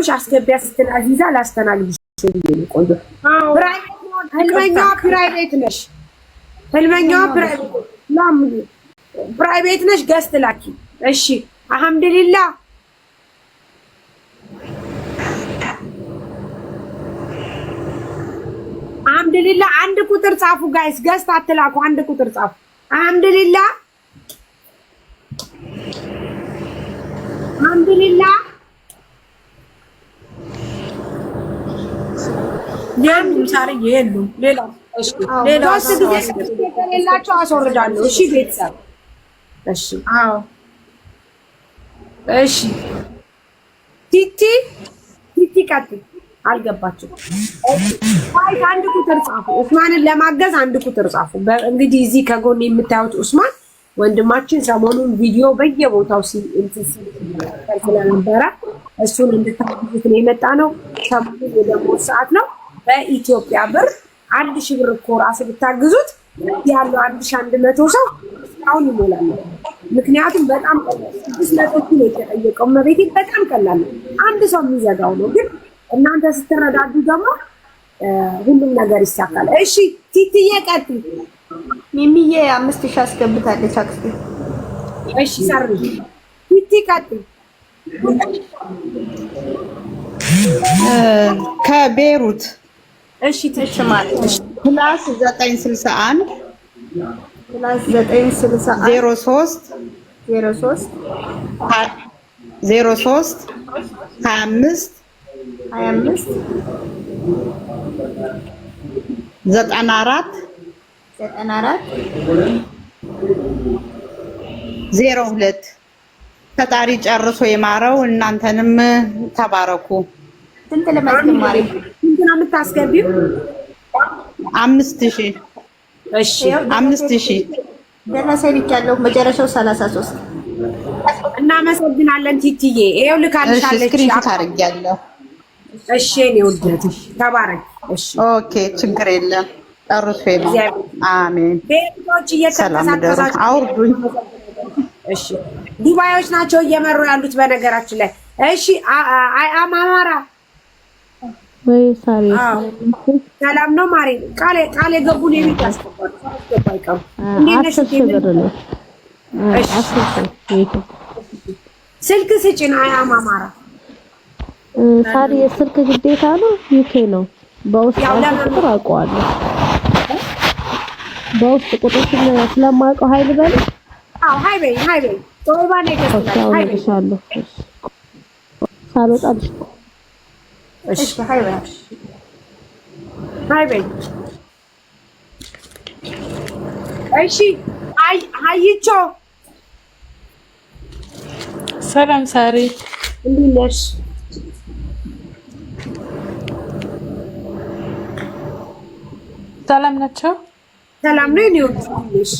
ይኸውልሽ አስገቢያ ስትል አዚዛ ላስተናግድሽ ብዬሽ ቆይ ህልመኛዋ ፕራይቬት ነሽ፣ ህልመኛዋ ፕራይቬት ነሽ። ገስት ላኪ እሺ። አልሐምድሊላ አልሐምድሊላ። አንድ ቁጥር ጻፉ ጋይስ፣ ገስት አትላኩ። አንድ ቁጥር ጻፉ። አልሐምድሊላ አልሐምድሊላ የሉም ሳሪ የሉም። ሌላ ሌላቸው አስወርዳለሁ። እሺ ቤተሰብ እሺ፣ አዎ፣ እሺ። ቲቲ ቲቲ ቀጥል። አልገባችም። ዋይት አንድ ቁጥር ጻፉ። ኡስማንን ለማገዝ አንድ ቁጥር ጻፉ። እንግዲህ እዚህ ከጎን የምታዩት ኡስማን ወንድማችን ሰሞኑን ቪዲዮ በየቦታው ስለነበረ እሱን እንድታግዙት ነው የመጣ ነው። ሰሞኑን የደሞዝ ሰዓት ነው። በኢትዮጵያ ብር አንድ ሺህ ብር እኮ ራስ ብታግዙት ያለው አንድ ሺህ አንድ መቶ ሰው አሁን ይሞላል። ምክንያቱም በጣም ስድስት መቶ ኪሎ የተጠየቀው መቤቴ በጣም ቀላል አንድ ሰው የሚዘጋው ነው። ግን እናንተ ስትረዳዱ ደግሞ ሁሉም ነገር ይሳካል። እሺ ቲትዬ ቀጥ ሚሚዬ አምስት ሺህ አስገብታለች አክስቴ። እሺ ሰር ቲቲ ቀጥ ከቤሩት እሺ ትች ፕላስ ዘጠኝ ስልሳ አንድ ፕላስ ዘጠኝ ስልሳ አንድ ዜሮ ዜሮ ዜሮ ሀያ አምስት ሀያ አምስት ዘጠና አራት ዘጠና አራት ዜሮ ሁለት ፈጣሪ ጨርሶ የማረው። እናንተንም ተባረኩ። ስንት ስንት ነው የምታስገቢው አምስት ሺ እሺ፣ አምስት ሺ ደረሰኝ ልኬያለሁ። መጨረሻው ሰላሳ ሦስት እናመሰግናለን። ቲቲዬ ይኸው ልካልሻለች። እስክሪንሾት አድርጊያለሁ። እሺ፣ እኔ ውደት ተባረክ። እሺ፣ ኦኬ፣ ችግር የለም። ጠሩት ነው። አሜን። ሰላም ደሩ አውርዱኝ። እሺ፣ ዱባዮች ናቸው እየመሩ ያሉት በነገራችን ላይ እሺ፣ አማራ ሰላም ነው ማሬ። ቃል የገቡን ስልክ ስጭን። አያም ሳሪ የስልክ ግዴታ ነው። ዩኬ ነው። በውስጥ ቁጥር አውቀዋለሁ። በውስጥ ቁጥር ስለማውቀው ሀይል በል ሀይ በይ ሀይ በይ ሳልወጣ እሺ ሃይ አይ ሰላም ሳሪ እንዴት ነሽ? ሰላም ናቸው። ሰላም ነኝ። ይወጣልሽ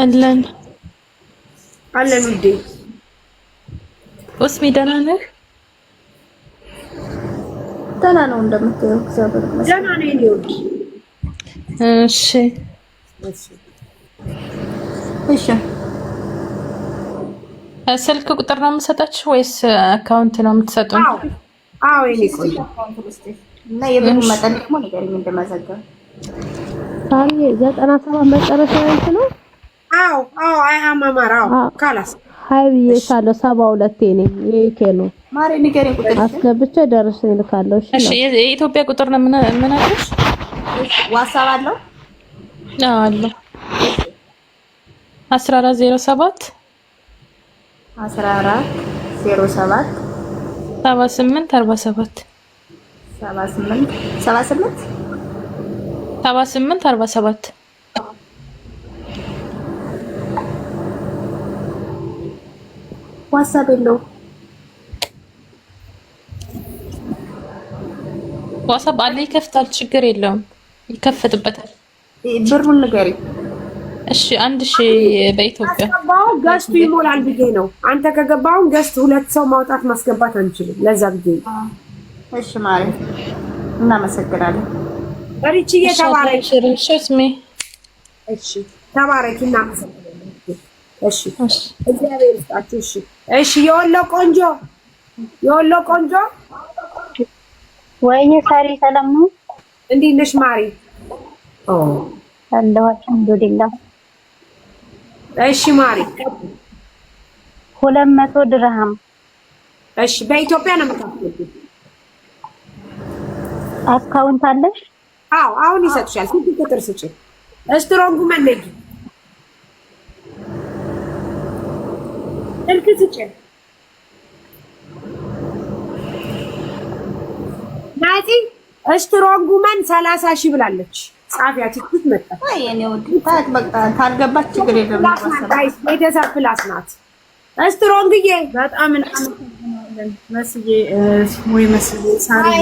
አለን አለን ውዴ፣ ደህና ነህ? ደህና ነው እንደምታየው፣ እግዚአብሔር ደህና ነው። እሺ፣ እሺ። ስልክ ቁጥር ነው የምሰጣችሁ ወይስ አካውንት ነው የምትሰጡ? አዎ፣ ይሄ ቆይ እና የብር መጠን ደግሞ ዛሬ ዘጠና ሰባት መጨረሻ ነው። አዎ፣ አዎ። አይ አማማራው ካላስ ሀይ ብዬሻለሁ። ሰባ ሁለቴ ነኝ። የዩኬ ነው ማሪ ንገሪ ቁጥር አስገብቼ ደርሼ እልካለሁ። እሺ የኢትዮጵያ ቁጥር ነው። ምን ምን አለሽ? ዋትስአፕ አለው? አዎ አለው። 1407 1407 78 47 78 78 78 47 ዋትሳፕ የለውም። ዋትሳፕ አለ፣ ይከፍታል። ችግር የለውም፣ ይከፈትበታል። ብሩን ንገሪ እሺ። አንድ ሺ በኢትዮጵያ ገባው ገዝቱ ይሞላል ብዬ ነው። አንተ ከገባውን ገዝቱ ሁለት ሰው ማውጣት ማስገባት አንችልም። ለዛ ብዬ እሺ ማለት እናመሰግናለን። ሪቺ የተባረክ ሽስሚ እሺ፣ ተባረክ። እናመሰግናለን። እሺ፣ እሺ፣ እግዚአብሔር ይስጣችሁ። እናመሰግናለን እሺ እግዚአብሔር ይስጣችሁ እሺ እሺ የወሎ ቆንጆ የወሎ ቆንጆ ወይኔ ሳሪ ሰላም ነው? እንዴት ነሽ ማሪ? ኦ አለሁ አልሐምዱሊላህ። እሺ ማሪ ሁለት መቶ ድርሃም እሺ። በኢትዮጵያ ነው የምታስገቡ። አካውንት አለሽ? አዎ አሁን ይሰጥሻል። ስንት ቁጥር ስጪ። ስትሮንጉ መለጊ እርግዝጭ ናፂ እስትሮንጉመን ሰላሳ ሺህ ብላለች። ጻፊያ ትኩት መጣ ካልገባች ችግር የለም። ፕላስ ናት። እስትሮንግዬ በጣም መስዬ ወይ መስዬ ሳርዬ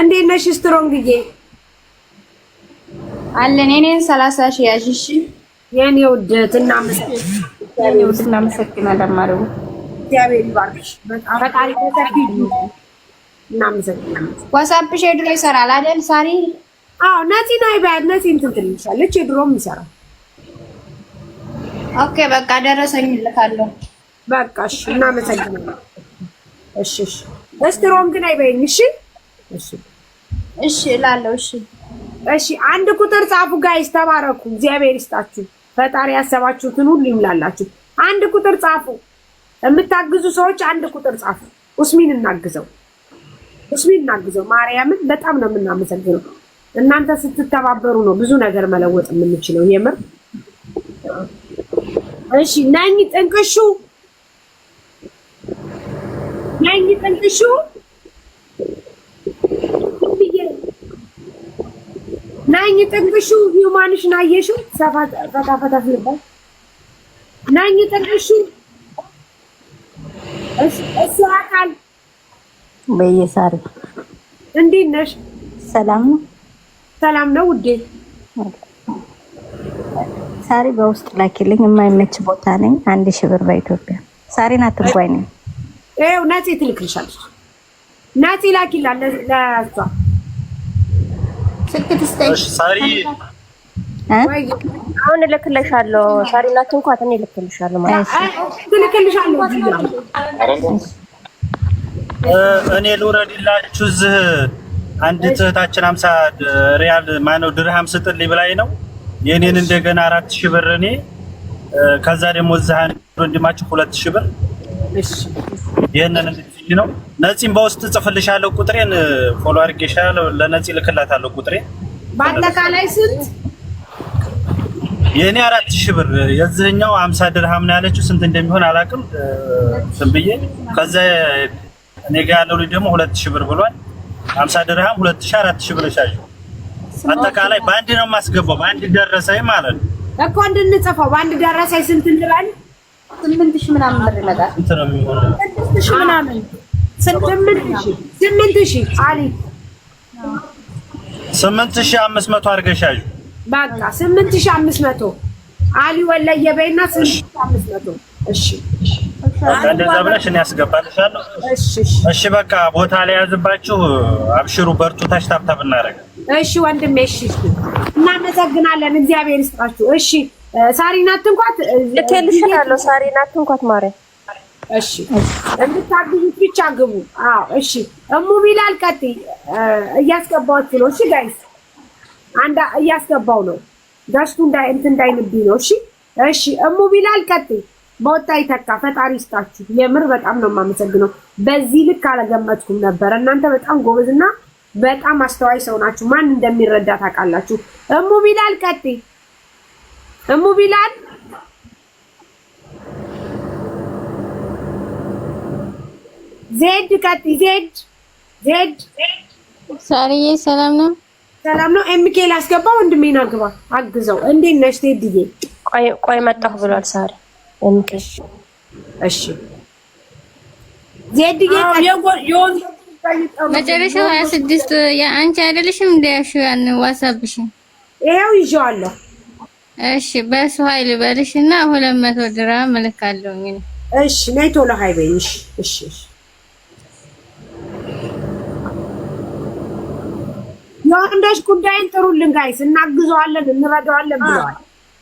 እንዴት ነሽ እስትሮንግዬ? አለን የኔን ሰላሳ ሺህ ያዥሽ የኔ ውድት እና ውድ እናመሰግናለን። ማርያም እግዚአብሔር ይባርክሽ። ፈጣሪ እናመሰግናለን። ዋሳፕሽ የድሮ ይሰራል አይደል ሳሪ? አዎ ነፂን አይባል ነፂን እንትን የድሮም ይሰራል። ኦኬ በቃ ደረሰኝ እልካለሁ። በቃ እሺ፣ እናመሰግናለን። እሺ እሺ፣ ስትሮንግ ነይ በይኝ። እሺ እሺ እሺ እላለሁ። እሺ እሺ፣ አንድ ቁጥር ጻፉ ጋይስ፣ ተባረኩ። እግዚአብሔር ይስጣችሁ። ፈጣሪ ያሰባችሁትን ሁሉ ይምላላችሁ። አንድ ቁጥር ጻፉ። የምታግዙ ሰዎች አንድ ቁጥር ጻፉ። ኡስሚን እናግዘው፣ ኡስሚን እናግዘው። ማርያምን በጣም ነው የምናመሰግነው። እናንተ ስትተባበሩ ነው ብዙ ነገር መለወጥ የምንችለው። የምር እሺ። ነኝ ጥንቅሹ ነኝ ጥንቅሹ ናኝ ጥንቅሹ ናየሹ ሰፋ ፈታ ፈታ ነበር ናኝ ጥንቅሹ እሱ አካል በየሳር እንዴት ነሽ? ሰላም ነው ሰላም ነው ውዴ። ሳሪ በውስጥ ላኪልኝ። የማይመች ቦታ ነኝ። አንድ ሺህ ብር በኢትዮጵያ ሳሪን አትንኳይ ነኝ። ይኸው ነፂ ትልክልሻለች። ነፂ ላኪላ ለእሷ ስልክ ትስጠኝ ሳሪ። አሁን እልክልሻለሁ ሳሪ ናት እንኳን እኔ እልክልሻለሁ ማለት ነው። እኔ ልውረድላችሁ እዚህ አንድ እህታችን ሀምሳ ሪያል ማነው ድርሃም ስጥልኝ ብላኝ ነው የእኔን እንደገና አራት ሺህ ብር እኔ ከዛ ደግሞ እዚህ አንድ ወንድማችሁ ሁለት ሺህ ብር ይህንን ነው። ነፂን በውስጥ ጽፍልሻለሁ። ቁጥሬን ፎሎ አድርጌሻለሁ። ለነፂ ልክላታለሁ። ቁጥሬን በአጠቃላይ ስንት? የእኔ አራት ሺህ ብር የዚህኛው አምሳ ድርሃም ነው ያለችው። ስንት እንደሚሆን አላውቅም ብዬ ከዛ እኔ ጋ ያለው ልጅ ደግሞ ሁለት ሺህ ብር ብሏል። አምሳ ድርሃም ሁለት ሺህ አራት ሺህ ብር አጠቃላይ በአንድ ነው የማስገባው። በአንድ ደረሰኝ ማለት ነው እኮ እንድንጽፈው በአንድ ደረሰኝ ስንት እንላለን ስምንት ሺህ ምናምን ብር ይመጣል። ስድስት ሺህ ምናምን ስምንት ሺህ አሊ ስምንት ሺህ አምስት መቶ በቃ ስምንት ሺህ አምስት መቶ አሊ ወለየ በይና ስምንት ሺህ አምስት መቶ እሺ፣ እንደዛ ብለሽ እኔ እሺ በቃ ቦታ ላይ ያዝባችሁ። አብሽሩ፣ በርቱ፣ ታሽታብታብ እናደርግ። እሺ ወንድሜ፣ እሺ፣ እናመሰግናለን። እግዚአብሔር ይስጣችሁ። እሺ ሳሪና አትንኳት፣ እቴልሻለሁ። ሳሪና አትንኳት ማርያም። እሺ እንድታግዙት ብቻ ግቡ። አዎ እሺ። እሙ ቢላል ቀጥ እያስገባሁት ነው። እሺ ጋይስ፣ አንድ እያስገባው ነው። ጋሽቱ እንዳይ እንትን እንዳይንብኝ ነው። እሺ እሺ። እሙ ቢላል ቀጥ በወጣ ይተካ። ፈጣሪ ይስጣችሁ። የምር በጣም ነው የማመሰግነው። በዚህ ልክ አልገመትኩም ነበረ። እናንተ በጣም ጎበዝና በጣም አስተዋይ ሰው ናችሁ። ማን እንደሚረዳ ታውቃላችሁ። እሙ ቢላል ቀጥ እሙ ቢላል ዜድ ቀጥይ። ዜድ ዜድ ሳሪዬ ሰላም ነው፣ ሰላም ነው። ኤምኬ ላስገባ፣ ወንድሜን አግባ፣ አግዘው። እንዴት ነሽ ዜድዬ? ቆይ ቆይ መጣሁ ብሏል ሳሪ ኤምኬ። እሺ ዜድዬ መጨረሻው ሀያ ስድስት የአንቺ አይደለሽም? እንደ ያልሽው ያን ዋትስአፕሽን ይኸው ይዤዋለሁ እሺ በሱ ኃይል በልሽ እና ሁለት መቶ ድራም እልካለሁ። እሺ ነይ ቶሎ ሀይ በይኝ። እሺ እሺ የወንዶች ጉዳይን ጥሩልን ጋይስ፣ እናግዘዋለን፣ እንረዳዋለን ብለዋል።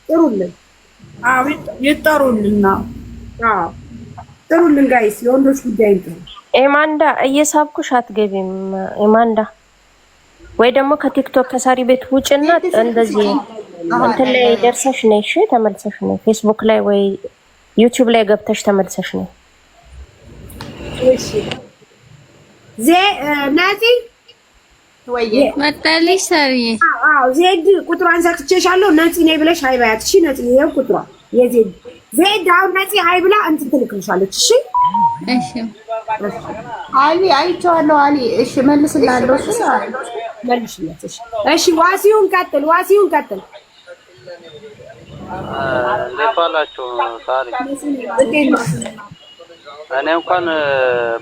ጥሩልን፣ አዎ ይጠሩልና፣ አዎ ጥሩልን ጋይስ፣ የወንዶች ጉዳይን ጥሩ። ኤማንዳ እየሳብኩሽ አትገቢም ኤማንዳ። ወይ ደግሞ ከቲክቶክ ከሳሪ ቤት ውጭና እንደዚህ እንትን ላይ ደርሰሽ ነይ። እሺ ተመልሰሽ ነይ። ፌስቡክ ላይ ወይ ዩቲዩብ ላይ ገብተሽ ተመልሰሽ ነይ። መጣልሽ ሰሪ ዜድ ቁጥሯን ሰጥቼሻለሁ። ነፂ ነይ ብለሽ ሀይ በያት። እሺ ነፂ ይኸው ቁጥሯ የዜድ ዜድ። አሁን ነፂ ሀይ ብላ እንትን ትልክልሻለች። እሺ እሺ። አሊ አይቼዋለሁ። አሊ እሺ፣ መልስላለሁ። እሺ መልሽለት። እሺ ዋሲውን ቀጥል፣ ዋሲውን ቀጥል። እንዴት ሳሪ እኔ እንኳን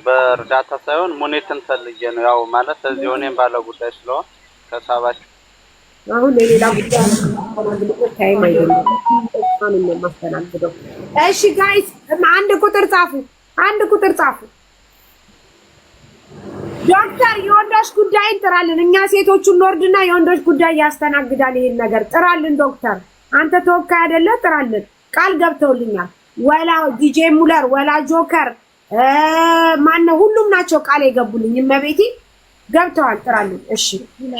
በእርዳታ ሳይሆን ሙኒትን ፈልጌ ነው። ያው ማለት እዚህ እኔም ባለ ጉዳይ ስለሆን ከሳባችሁ አሁን ጉዳይ እሺ ጋይስ አንድ ቁጥር ጻፉ፣ አንድ ቁጥር ጻፉ ዶክተር የወንዶች ጉዳይ እንጥራለን። እኛ ሴቶቹ እንወርድና የወንዶች ጉዳይ ያስተናግዳል ይሄን ነገር ጥራልን። ዶክተር አንተ ተወካይ አይደለ? ጥራልን። ቃል ገብተውልኛል። ወላ ዲጄ ሙለር ወላ ጆከር ማነው? ሁሉም ናቸው ቃል የገቡልኝ። እመቤቴ ገብተዋል። ጥራልን። እሺ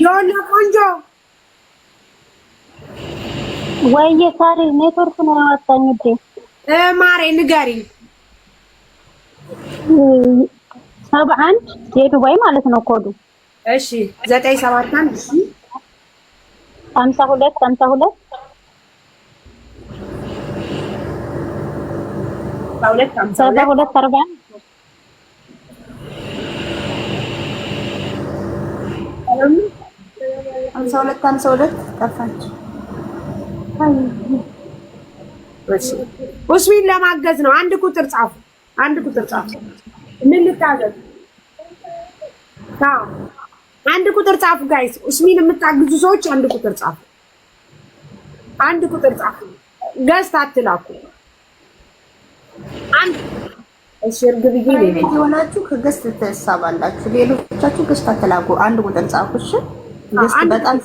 የሆነ ቆንጆ ወይ ሳሪ ኔትወርክ ነው ያወጣኝ። ማሬ ንገሪ ሰባ አንድ የዱባይ ማለት ነው ኮዱ። እሺ ዘጠኝ ሰባት አንድ ሀምሳ ሁለት ሀምሳ ሁለት ሰባ ሁለት አርባ ሀምሳ ሁለት ሀምሳ ሁለት ጠፋች። ኡስሚን ለማገዝ ነው። አንድ ቁጥር ጻፉ። አንድ ቁጥር ጻፉ። ምን ልታዘዝ? አንድ ቁጥር ጻፉ ጋይስ። እስሚን የምታግዙ ሰዎች አንድ ቁጥር ጻፉ፣ አንድ ቁጥር ጻፉ። ገዝት አትላኩ። አንድ እሺ፣ እርግብዬ ነው ከገዝት ትሳባላችሁ። ሌሎቻችሁ ገዝት አትላኩ፣ አንድ ቁጥር ጻፉ። እሺ፣ ገዝት በጣም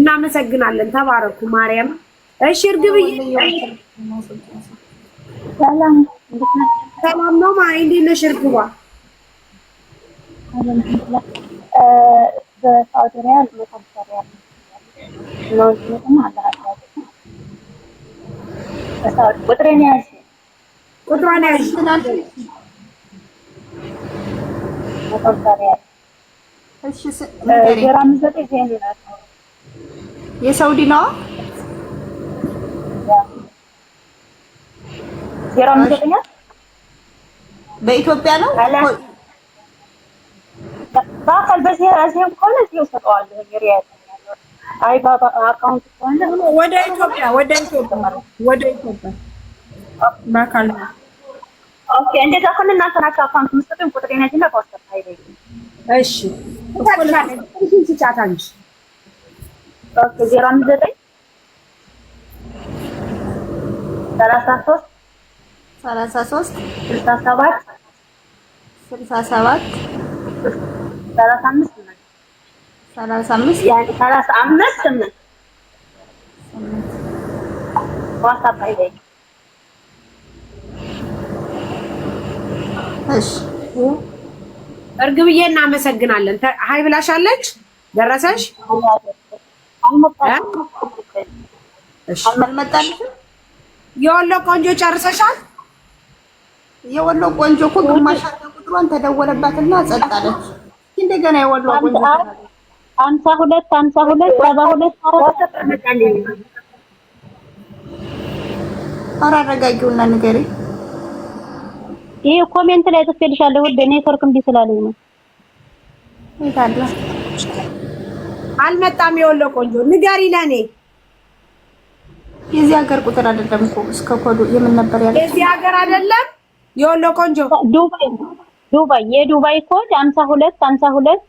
እናመሰግናለን። ተባረኩ ማርያም። እሺ፣ እርግብዬ ሰላም ነው ማይ፣ እንዴት ነሽ እርግቧ? በሳውዲ ሪያል ቁጥሬን ያዥ፣ ቁጥሯን ያዥ የሳውዲ ነው የራም ተኛ በኢትዮጵያ ነው በአካል በዚህ አዚም ከሆነ እዚህ እሰጠዋለሁ። የሪያል አይ ባባ አካውንት ከሆነ ወደ ኢትዮጵያ ወደ ኢትዮጵያ ወደ ኢትዮጵያ በአካል ኦኬ። እንደዛ ከሆነ እናንተ ናችሁ አካውንት የምትሰጡኝ ቁጥር ነጅና በዋትስአፕ አይደል? እሺ ትቻታንሽ ኦኬ ዜሮ አምስት ዘጠኝ ሰላሳ ሶስት ሰላሳ ሶስት ስልሳ ሰባት ስልሳ ሰባት ሰላሳ አምስት ሰላሳ አምስት ያኔ ሰላሳ አምስት ስምንት ዋትስአፕ አይደል? እሺ እርግብዬ እናመሰግናለን። ሀይ ብላሻለች። ደረሰሽ? አልመጣልሽም። የወሎ ቆንጆ ጨርሰሻል? የወሎ ቆንጆ እኮ ግማሽ ቁጥሯን ተደወለባትና ጸጣለች። አለች። እንደገና የወሎ ቆንጆ ሀምሳ ሁለት ሀምሳ ሁለት ሰባ ሁለት ኧረ አረጋጊውና ንገሪ። ይሄ ኮሜንት ላይ ጽፌልሻለሁ። ውድ ኔትወርክ እምቢ ስላለኝ ነው። ይታለ አልመጣም። የወሎ ቆንጆ ንገሪ ለኔ። የዚህ ሀገር ቁጥር አይደለም እኮ እስከ ኮዱ የምን ነበር ያለው? የዚህ ሀገር አይደለም የወሎ ቆንጆ ዱባይ ዱባይ የዱባይ ኮድ ሀምሳ ሁለት ሀምሳ ሁለት